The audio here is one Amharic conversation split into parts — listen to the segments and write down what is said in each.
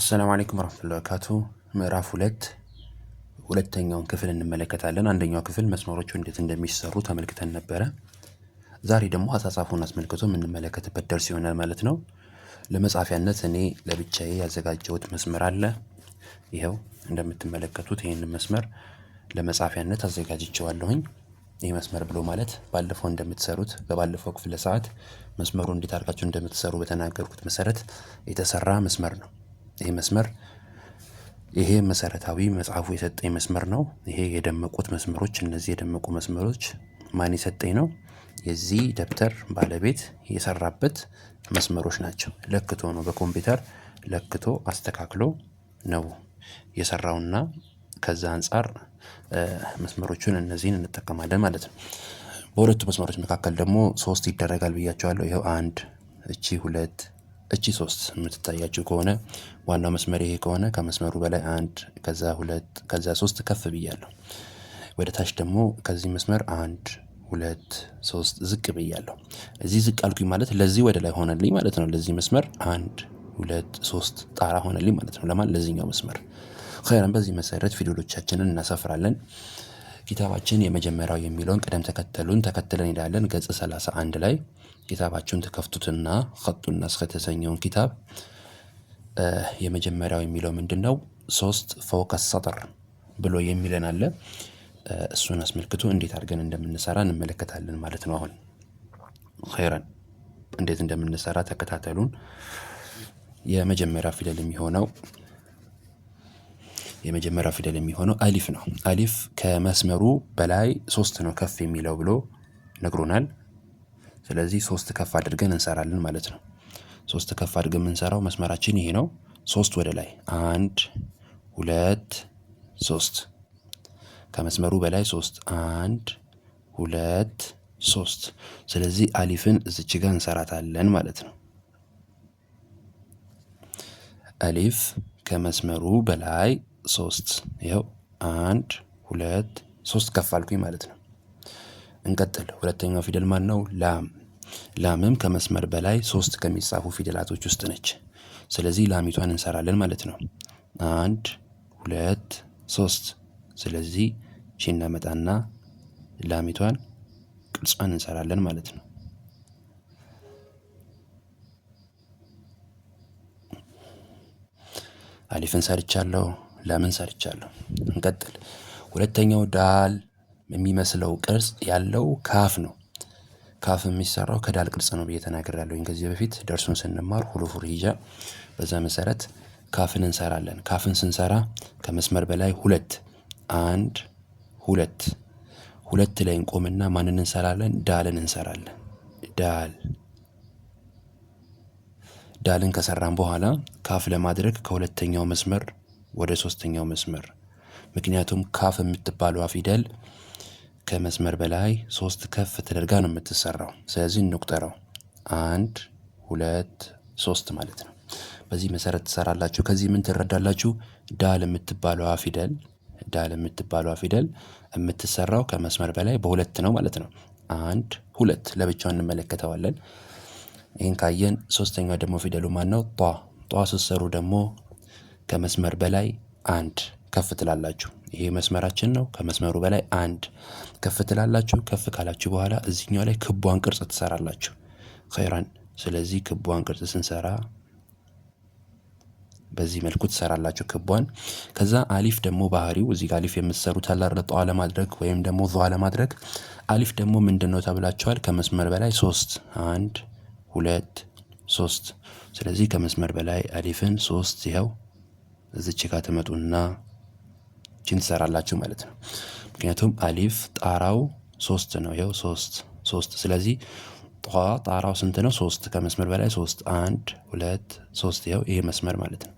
አሰላሙ አለይኩም ወራህመቱላሂ ወበረካቱ። ምዕራፍ ሁለት ሁለተኛውን ክፍል እንመለከታለን። አንደኛው ክፍል መስመሮቹ እንዴት እንደሚሰሩ ተመልክተን ነበረ። ዛሬ ደግሞ አጻጻፉን አስመልክቶ የምንመለከትበት ደርስ ይሆናል ማለት ነው። ለመጻፊያነት እኔ ለብቻዬ ያዘጋጀሁት መስመር አለ። ይኸው እንደምትመለከቱት ይህንን መስመር ለመጻፊያነት አዘጋጅቸዋለሁኝ። ይህ መስመር ብሎ ማለት ባለፈው እንደምትሰሩት በባለፈው ክፍለ ሰዓት መስመሩ እንዴት አድርጋችሁ እንደምትሰሩ በተናገርኩት መሰረት የተሰራ መስመር ነው። ይሄ መስመር ይሄ መሰረታዊ መጽሐፉ የሰጠኝ መስመር ነው። ይሄ የደመቁት መስመሮች እነዚህ የደመቁ መስመሮች ማን የሰጠኝ ነው? የዚህ ደብተር ባለቤት የሰራበት መስመሮች ናቸው። ለክቶ ነው በኮምፒውተር ለክቶ አስተካክሎ ነው የሰራውና ከዛ አንጻር መስመሮቹን እነዚህን እንጠቀማለን ማለት ነው። በሁለቱ መስመሮች መካከል ደግሞ ሶስት ይደረጋል ብያቸዋለሁ። ይኸው አንድ እቺ ሁለት እቺ ሶስት የምትታያችሁ ከሆነ ዋናው መስመር ይሄ ከሆነ ከመስመሩ በላይ አንድ ከዛ ሁለት ከዛ ሶስት ከፍ ብያለሁ። ወደ ታች ደግሞ ከዚህ መስመር አንድ ሁለት ሶስት ዝቅ ብያለሁ። እዚህ ዝቅ አልኩኝ ማለት ለዚህ ወደ ላይ ሆነልኝ ማለት ነው። ለዚህ መስመር አንድ ሁለት ሶስት ጣራ ሆነልኝ ማለት ነው። ለማን ለዚህኛው መስመር። ኸይረን በዚህ መሰረት ፊደሎቻችንን እናሰፍራለን። ኪታባችን የመጀመሪያው የሚለውን ቅደም ተከተሉን ተከትለን ሄዳለን። ገጽ 31 ላይ ኪታባችሁን ተከፍቱትና ከጡና እስከተሰኘውን ኪታብ የመጀመሪያው የሚለው ምንድን ነው? ሶስት ፎከስ ሰጥር ብሎ የሚለን አለ። እሱን አስመልክቶ እንዴት አድርገን እንደምንሰራ እንመለከታለን ማለት ነው። አሁን ኸይረን እንዴት እንደምንሰራ ተከታተሉን። የመጀመሪያው ፊደል የሚሆነው የመጀመሪያው ፊደል የሚሆነው አሊፍ ነው። አሊፍ ከመስመሩ በላይ ሶስት ነው ከፍ የሚለው ብሎ ነግሮናል። ስለዚህ ሶስት ከፍ አድርገን እንሰራለን ማለት ነው። ሶስት ከፍ አድርገን የምንሰራው መስመራችን ይሄ ነው። ሶስት ወደ ላይ አንድ፣ ሁለት፣ ሶስት ከመስመሩ በላይ ሶስት አንድ፣ ሁለት፣ ሶስት። ስለዚህ አሊፍን እዚች ጋር እንሰራታለን ማለት ነው። አሊፍ ከመስመሩ በላይ ሶስት ይኸው አንድ ሁለት ሶስት ከፍ አልኩኝ ማለት ነው። እንቀጥል። ሁለተኛው ፊደል ማን ነው? ላም። ላምም ከመስመር በላይ ሶስት ከሚጻፉ ፊደላቶች ውስጥ ነች። ስለዚህ ላሚቷን እንሰራለን ማለት ነው። አንድ ሁለት ሶስት። ስለዚህ ቺና መጣና ላሚቷን ቅርጿን እንሰራለን ማለት ነው። አሊፍን ሰርቻለሁ። ለምን ሰርቻለሁ። እንቀጥል ሁለተኛው ዳል የሚመስለው ቅርጽ ያለው ካፍ ነው። ካፍ የሚሰራው ከዳል ቅርጽ ነው ብዬ ተናግሬያለሁኝ ከዚህ በፊት ደርሱን ስንማር ሁሉፉር ሂጃ በዛ መሰረት ካፍን እንሰራለን። ካፍን ስንሰራ ከመስመር በላይ ሁለት አንድ ሁለት ሁለት ላይ እንቆምና ማንን እንሰራለን? ዳልን እንሰራለን። ዳል ዳልን ከሰራን በኋላ ካፍ ለማድረግ ከሁለተኛው መስመር ወደ ሶስተኛው መስመር ምክንያቱም ካፍ የምትባለዋ ፊደል ከመስመር በላይ ሶስት ከፍ ተደርጋ ነው የምትሰራው። ስለዚህ እንቁጠረው። አንድ ሁለት ሶስት ማለት ነው። በዚህ መሰረት ትሰራላችሁ። ከዚህ ምን ትረዳላችሁ? ዳል የምትባለዋ ፊደል ዳል የምትባለዋ ፊደል የምትሰራው ከመስመር በላይ በሁለት ነው ማለት ነው። አንድ ሁለት ለብቻው እንመለከተዋለን። ይህን ካየን ሶስተኛው ደግሞ ፊደሉ ማን ነው? ጧ ጧ ስትሰሩ ደግሞ ከመስመር በላይ አንድ ከፍ ትላላችሁ። ይሄ መስመራችን ነው። ከመስመሩ በላይ አንድ ከፍ ትላላችሁ። ከፍ ካላችሁ በኋላ እዚኛው ላይ ክቧን ቅርጽ ትሰራላችሁ። ኸይራን። ስለዚህ ክቧን ቅርጽ ስንሰራ በዚህ መልኩ ትሰራላችሁ ክቧን። ከዛ አሊፍ ደግሞ ባህሪው እዚህ ጋር አሊፍ የምትሰሩት አላረጠ ለማድረግ ወይም ደግሞ ዟ ለማድረግ አሊፍ ደግሞ ምንድን ነው ተብላችኋል? ከመስመር በላይ ሶስት አንድ ሁለት ሶስት። ስለዚህ ከመስመር በላይ አሊፍን ሶስት ይኸው እዚች ጋር ትመጡና ችን ትሰራላችሁ ማለት ነው። ምክንያቱም አሊፍ ጣራው ሶስት ነው። ይኸው ሶስት ሶስት። ስለዚህ ጣራው ስንት ነው? ሶስት ከመስመር በላይ ሶስት። አንድ ሁለት ሶስት። ይኸው ይሄ መስመር ማለት ነው።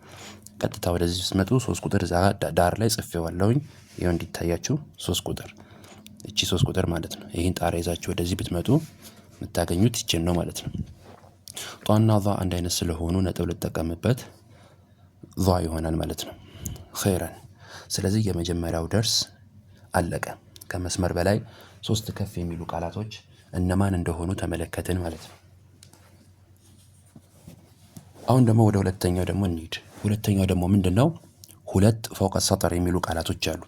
ቀጥታ ወደዚህ ስትመጡ ሶስት ቁጥር እዛ ዳር ላይ ጽፌዋለሁኝ። ይኸው እንዲታያችሁ ሶስት ቁጥር እቺ ሶስት ቁጥር ማለት ነው። ይህን ጣራ ይዛችሁ ወደዚህ ብትመጡ የምታገኙት ይችን ነው ማለት ነው። ጧና ዛ አንድ አይነት ስለሆኑ ነጥብ ልጠቀምበት ቫ ይሆናል ማለት ነው። ኸይረን ስለዚህ የመጀመሪያው ደርስ አለቀ። ከመስመር በላይ ሶስት ከፍ የሚሉ ቃላቶች እነማን እንደሆኑ ተመለከትን ማለት ነው። አሁን ደግሞ ወደ ሁለተኛው ደግሞ እንሂድ። ሁለተኛው ደግሞ ምንድን ነው? ሁለት ፎቀ ሰጠር የሚሉ ቃላቶች አሉ።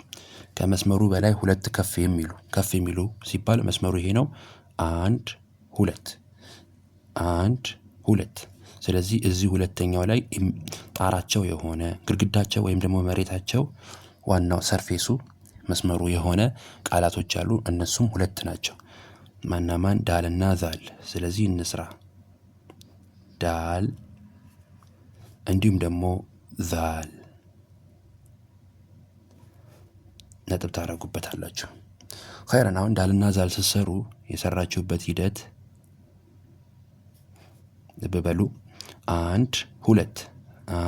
ከመስመሩ በላይ ሁለት ከፍ የሚሉ ከፍ የሚሉ ሲባል መስመሩ ይሄ ነው። አንድ ሁለት አንድ ሁለት ስለዚህ እዚህ ሁለተኛው ላይ ጣራቸው የሆነ ግድግዳቸው ወይም ደግሞ መሬታቸው ዋናው ሰርፌሱ መስመሩ የሆነ ቃላቶች አሉ። እነሱም ሁለት ናቸው። ማናማን ዳልና ዛል። ስለዚህ እንስራ ዳል እንዲሁም ደግሞ ዛል ነጥብ ታደርጉበታላችሁ። ኸይረን አሁን ዳልና ዛል ስትሰሩ የሰራችሁበት ሂደት ልብ በሉ። አንድ ሁለት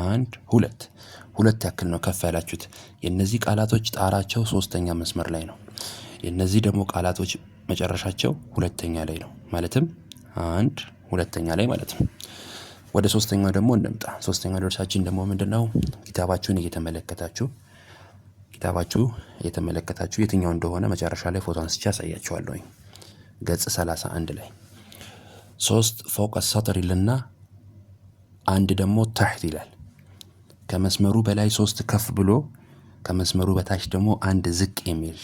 አንድ ሁለት ሁለት ያክል ነው ከፍ ያላችሁት። የእነዚህ ቃላቶች ጣራቸው ሶስተኛ መስመር ላይ ነው። የእነዚህ ደግሞ ቃላቶች መጨረሻቸው ሁለተኛ ላይ ነው። ማለትም አንድ ሁለተኛ ላይ ማለት ነው። ወደ ሶስተኛው ደግሞ እንምጣ። ሶስተኛው ደርሳችን ደግሞ ምንድን ነው? ኪታባችሁን እየተመለከታችሁ ኪታባችሁ እየተመለከታችሁ የትኛው እንደሆነ መጨረሻ ላይ ፎቶ አንስቼ አሳያችኋለሁኝ። ገጽ 31 ላይ ሶስት ፎቅ ሰተር ይልና አንድ ደግሞ ታሕት ይላል። ከመስመሩ በላይ ሶስት ከፍ ብሎ ከመስመሩ በታች ደግሞ አንድ ዝቅ የሚል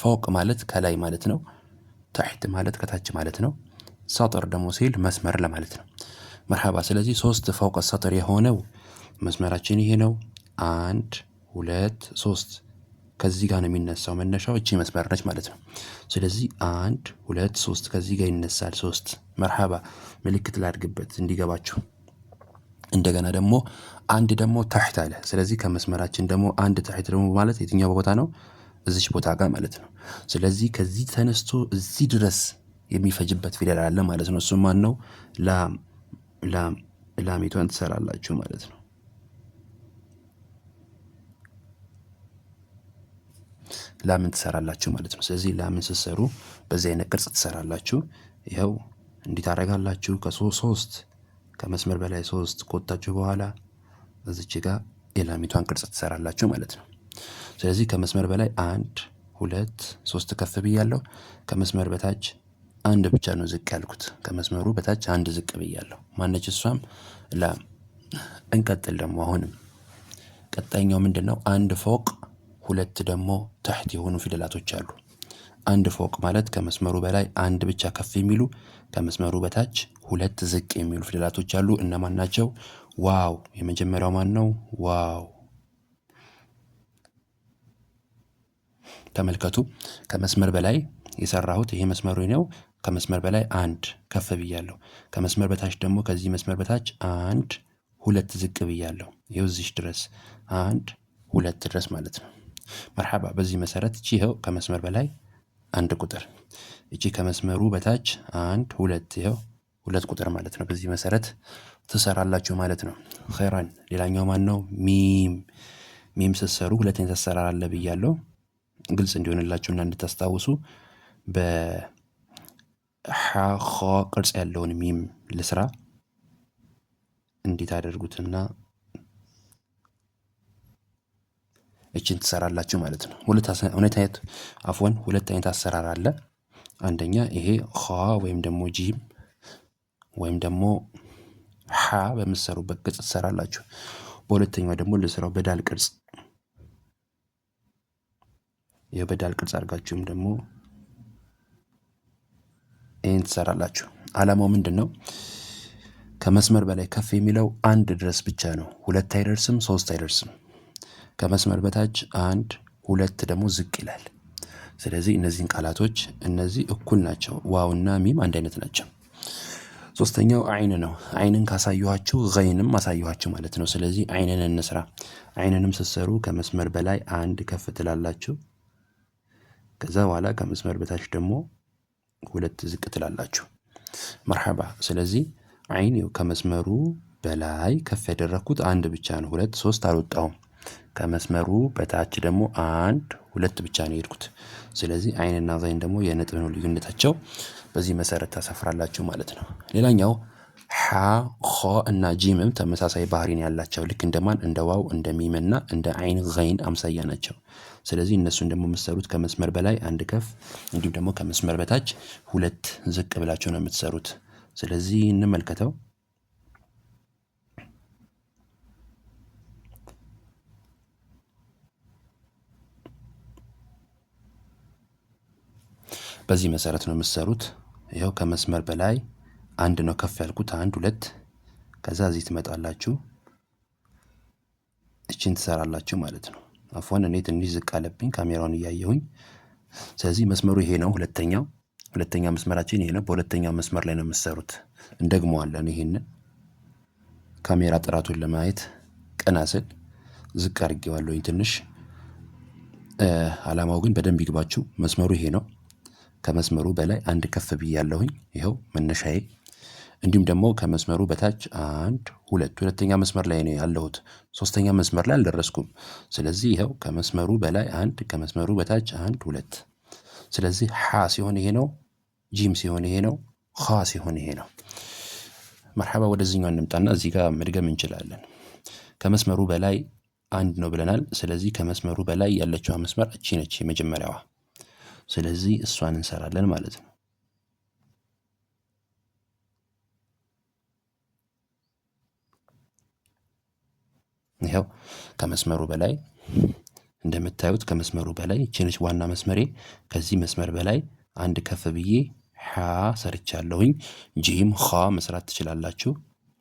ፎቅ ማለት ከላይ ማለት ነው። ታሕት ማለት ከታች ማለት ነው። ሰጥር ደግሞ ሲል መስመር ለማለት ነው። መርሃባ። ስለዚህ ሶስት ፎቅ ሰጥር የሆነው መስመራችን ይሄ ነው። አንድ ሁለት ሶስት ከዚህ ጋር ነው የሚነሳው። መነሻው እቺ መስመር ነች ማለት ነው። ስለዚህ አንድ ሁለት ሶስት ከዚህ ጋር ይነሳል። ሶስት መርሃባ። ምልክት ላድግበት እንዲገባችሁ። እንደገና ደግሞ አንድ ደግሞ ታሕት አለ። ስለዚህ ከመስመራችን ደግሞ አንድ ታሕት ደግሞ ማለት የትኛው ቦታ ነው? እዚች ቦታ ጋር ማለት ነው። ስለዚህ ከዚህ ተነስቶ እዚህ ድረስ የሚፈጅበት ፊደል አለ ማለት ነው። እሱም ማን ነው? ላሚቷን ትሰራላችሁ ማለት ነው። ላምን ትሰራላችሁ ማለት ነው። ስለዚህ ላምን ስትሰሩ በዚህ አይነት ቅርጽ ትሰራላችሁ። ይኸው እንዲት ታደርጋላችሁ። ከሶስት ከመስመር በላይ ሶስት ከወጣችሁ በኋላ እዚች ጋር የላሚቷን ቅርጽ ትሰራላችሁ ማለት ነው። ስለዚህ ከመስመር በላይ አንድ ሁለት ሶስት ከፍ ብያለሁ። ከመስመር በታች አንድ ብቻ ነው ዝቅ ያልኩት። ከመስመሩ በታች አንድ ዝቅ ብያለሁ። ማነች እሷም? ላም። እንቀጥል ደግሞ አሁንም ቀጣኛው ምንድን ነው? አንድ ፎቅ ሁለት ደግሞ ተሕት የሆኑ ፊደላቶች አሉ። አንድ ፎቅ ማለት ከመስመሩ በላይ አንድ ብቻ ከፍ የሚሉ ከመስመሩ በታች ሁለት ዝቅ የሚሉ ፊደላቶች አሉ። እነማን ናቸው? ዋው የመጀመሪያው ማን ነው? ዋው ተመልከቱ። ከመስመር በላይ የሰራሁት ይሄ መስመሩ ነው። ከመስመር በላይ አንድ ከፍ ብያለሁ። ከመስመር በታች ደግሞ ከዚህ መስመር በታች አንድ ሁለት ዝቅ ብያለሁ። ይኸው እዚህ ድረስ አንድ ሁለት ድረስ ማለት ነው። መርሓባ። በዚህ መሰረት ይኸው ከመስመር በላይ አንድ ቁጥር እቺ ከመስመሩ በታች አንድ ሁለት ይኸው ሁለት ቁጥር ማለት ነው። በዚህ መሰረት ትሰራላችሁ ማለት ነው። ኸይራን ሌላኛው ማን ነው? ሚም ሚም ስትሰሩ ሁለተኛ ተሰራር አለ ብያለው። ግልጽ እንዲሆንላችሁና እንድታስታውሱ በሓ ቅርጽ ያለውን ሚም ልስራ እንዴት አደርጉትና እችን ትሰራላችሁ ማለት ነው። ሁለት አይነት አፍወን ሁለት አይነት አሰራር አለ። አንደኛ ይሄ ኸ ወይም ደግሞ ጂም ወይም ደግሞ ሀ በምትሰሩበት ቅርጽ ትሰራላችሁ። በሁለተኛው ደግሞ ልስራው በዳል ቅርጽ በዳል ቅርጽ አድርጋችሁም ደግሞ ይህን ትሰራላችሁ። አላማው ምንድን ነው? ከመስመር በላይ ከፍ የሚለው አንድ ድረስ ብቻ ነው። ሁለት አይደርስም፣ ሶስት አይደርስም። ከመስመር በታች አንድ ሁለት ደግሞ ዝቅ ይላል። ስለዚህ እነዚህን ቃላቶች እነዚህ እኩል ናቸው። ዋውና ሚም አንድ አይነት ናቸው። ሶስተኛው አይን ነው። አይንን ካሳየኋችሁ ገይንም አሳየኋችሁ ማለት ነው። ስለዚህ አይንን እንስራ። አይንንም ስትሰሩ ከመስመር በላይ አንድ ከፍ ትላላችሁ። ከዛ በኋላ ከመስመር በታች ደግሞ ሁለት ዝቅ ትላላችሁ። መርሐባ። ስለዚህ አይን ከመስመሩ በላይ ከፍ ያደረግኩት አንድ ብቻ ነው። ሁለት ሶስት አልወጣውም። ከመስመሩ በታች ደግሞ አንድ ሁለት ብቻ ነው የሄድኩት። ስለዚህ አይንና ዘይን ደግሞ የነጥብ ነው ልዩነታቸው። በዚህ መሰረት ታሰፍራላችሁ ማለት ነው። ሌላኛው ሐ ኸ እና ጂምም ተመሳሳይ ባህሪን ያላቸው ልክ እንደማን እንደ ዋው እንደ ሚም እና እንደ አይን ዘይን አምሳያ ናቸው። ስለዚህ እነሱን ደግሞ የምትሰሩት ከመስመር በላይ አንድ ከፍ እንዲሁም ደግሞ ከመስመር በታች ሁለት ዝቅ ብላቸው ነው የምትሰሩት። ስለዚህ እንመልከተው በዚህ መሰረት ነው የምትሰሩት። ይኸው ከመስመር በላይ አንድ ነው ከፍ ያልኩት፣ አንድ ሁለት። ከዛ እዚህ ትመጣላችሁ፣ እችን ትሰራላችሁ ማለት ነው። አፎን እኔ ትንሽ ዝቅ አለብኝ ካሜራውን እያየሁኝ። ስለዚህ መስመሩ ይሄ ነው። ሁለተኛው ሁለተኛ መስመራችን ይሄ ነው። በሁለተኛው መስመር ላይ ነው የምትሰሩት። እንደግመዋለን። ይህን ካሜራ ጥራቱን ለማየት ቀና ስል ዝቅ አድርጌዋለሁኝ ትንሽ። አላማው ግን በደንብ ይግባችሁ። መስመሩ ይሄ ነው። ከመስመሩ በላይ አንድ ከፍ ያለሁኝ ይኸው መነሻዬ እንዲሁም ደግሞ ከመስመሩ በታች አንድ ሁለት ሁለተኛ መስመር ላይ ነው ያለሁት። ሶስተኛ መስመር ላይ አልደረስኩም። ስለዚህ ይኸው ከመስመሩ በላይ አንድ ከመስመሩ በታች አንድ ሁለት። ስለዚህ ሐ ሲሆን ይሄ ነው፣ ጂም ሲሆን ይሄ ነው፣ ኻ ሲሆን ይሄ ነው። መርሓባ ወደዚኛው እንምጣና እዚህ ጋር መድገም እንችላለን። ከመስመሩ በላይ አንድ ነው ብለናል። ስለዚህ ከመስመሩ በላይ ያለችዋ መስመር እቺ ነች የመጀመሪያዋ። ስለዚህ እሷን እንሰራለን ማለት ነው። ይኸው ከመስመሩ በላይ እንደምታዩት ከመስመሩ በላይ ችንች ዋና መስመሬ። ከዚህ መስመር በላይ አንድ ከፍ ብዬ ሰርቻ ሰርቻለሁኝ። ጂም ኸ መስራት ትችላላችሁ።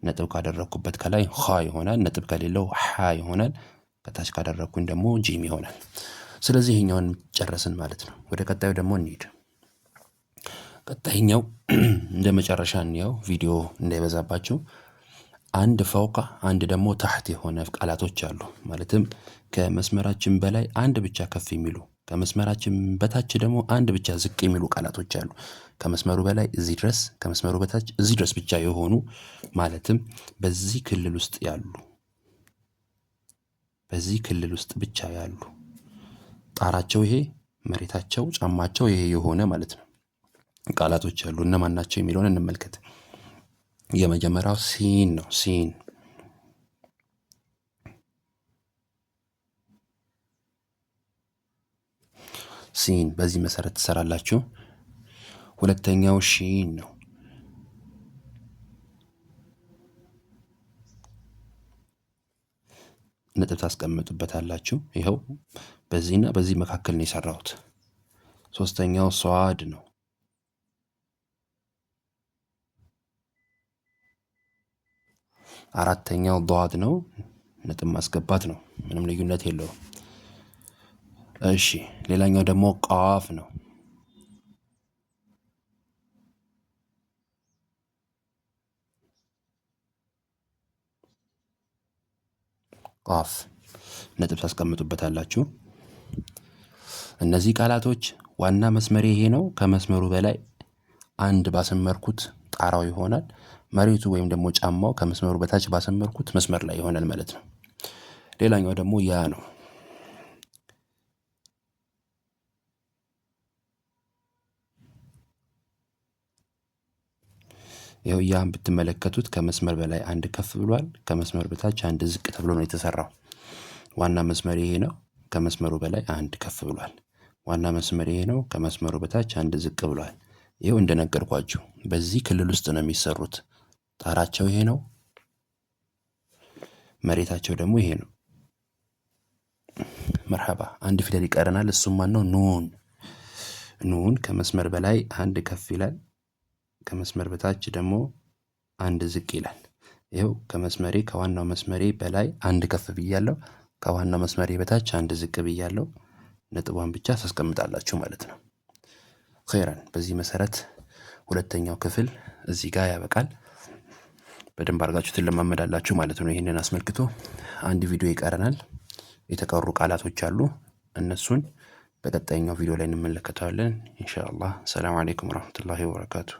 ነጥብ ካደረግኩበት ከላይ ኸ ይሆናል። ነጥብ ከሌለው ሓ ይሆናል። ከታች ካደረግኩኝ ደግሞ ጂም ይሆናል። ስለዚህ ይህኛውን ጨረስን ማለት ነው። ወደ ቀጣዩ ደግሞ እንሂድ። ቀጣይኛው እንደ መጨረሻ እንየው፣ ቪዲዮ እንዳይበዛባችሁ። አንድ ፈውቃ አንድ ደግሞ ታሕት የሆነ ቃላቶች አሉ። ማለትም ከመስመራችን በላይ አንድ ብቻ ከፍ የሚሉ ከመስመራችን በታች ደግሞ አንድ ብቻ ዝቅ የሚሉ ቃላቶች አሉ። ከመስመሩ በላይ እዚህ ድረስ፣ ከመስመሩ በታች እዚህ ድረስ ብቻ የሆኑ ማለትም በዚህ ክልል ውስጥ ያሉ በዚህ ክልል ውስጥ ብቻ ያሉ ጣራቸው ይሄ መሬታቸው ጫማቸው ይሄ የሆነ ማለት ነው። ቃላቶች ያሉ እነማን ናቸው የሚለውን እንመልከት። የመጀመሪያው ሲን ነው። ሲን ሲን በዚህ መሰረት ትሰራላችሁ። ሁለተኛው ሺን ነው። ነጥብ ታስቀምጡበታላችሁ። ይኸው በዚህና በዚህ መካከል ነው የሰራሁት። ሶስተኛው ሰዋድ ነው። አራተኛው ዷድ ነው። ነጥብ ማስገባት ነው። ምንም ልዩነት የለውም። እሺ፣ ሌላኛው ደግሞ ቃዋፍ ነው። ቃፍ ነጥብ ታስቀምጡበታላችሁ። እነዚህ ቃላቶች ዋና መስመር ይሄ ነው። ከመስመሩ በላይ አንድ ባሰመርኩት ጣራው ይሆናል። መሬቱ ወይም ደግሞ ጫማው ከመስመሩ በታች ባሰመርኩት መስመር ላይ ይሆናል ማለት ነው። ሌላኛው ደግሞ ያ ነው። ይኸው ያ ብትመለከቱት ከመስመር በላይ አንድ ከፍ ብሏል፣ ከመስመር በታች አንድ ዝቅ ተብሎ ነው የተሰራው። ዋና መስመር ይሄ ነው። ከመስመሩ በላይ አንድ ከፍ ብሏል። ዋና መስመር ይሄ ነው። ከመስመሩ በታች አንድ ዝቅ ብሏል። ይኸው እንደነገርኳችሁ በዚህ ክልል ውስጥ ነው የሚሰሩት። ጣራቸው ይሄ ነው። መሬታቸው ደግሞ ይሄ ነው። መርሐባ አንድ ፊደል ይቀረናል። እሱም ማን ነው? ኑን። ኑን ከመስመር በላይ አንድ ከፍ ይላል። ከመስመር በታች ደግሞ አንድ ዝቅ ይላል። ይኸው ከመስመሬ ከዋናው መስመሬ በላይ አንድ ከፍ ብያለሁ። ከዋናው መስመሬ በታች አንድ ዝቅ ብያለሁ ነጥቧን ብቻ ታስቀምጣላችሁ ማለት ነው። ኸይረን በዚህ መሰረት ሁለተኛው ክፍል እዚህ ጋር ያበቃል። በደንብ አድርጋችሁ ትለማመዳላችሁ ማለት ነው። ይህንን አስመልክቶ አንድ ቪዲዮ ይቀረናል። የተቀሩ ቃላቶች አሉ። እነሱን በቀጣይኛው ቪዲዮ ላይ እንመለከተዋለን ኢንሻአላህ። ሰላም አሌይኩም ወረህመቱላሂ ወበረካቱ።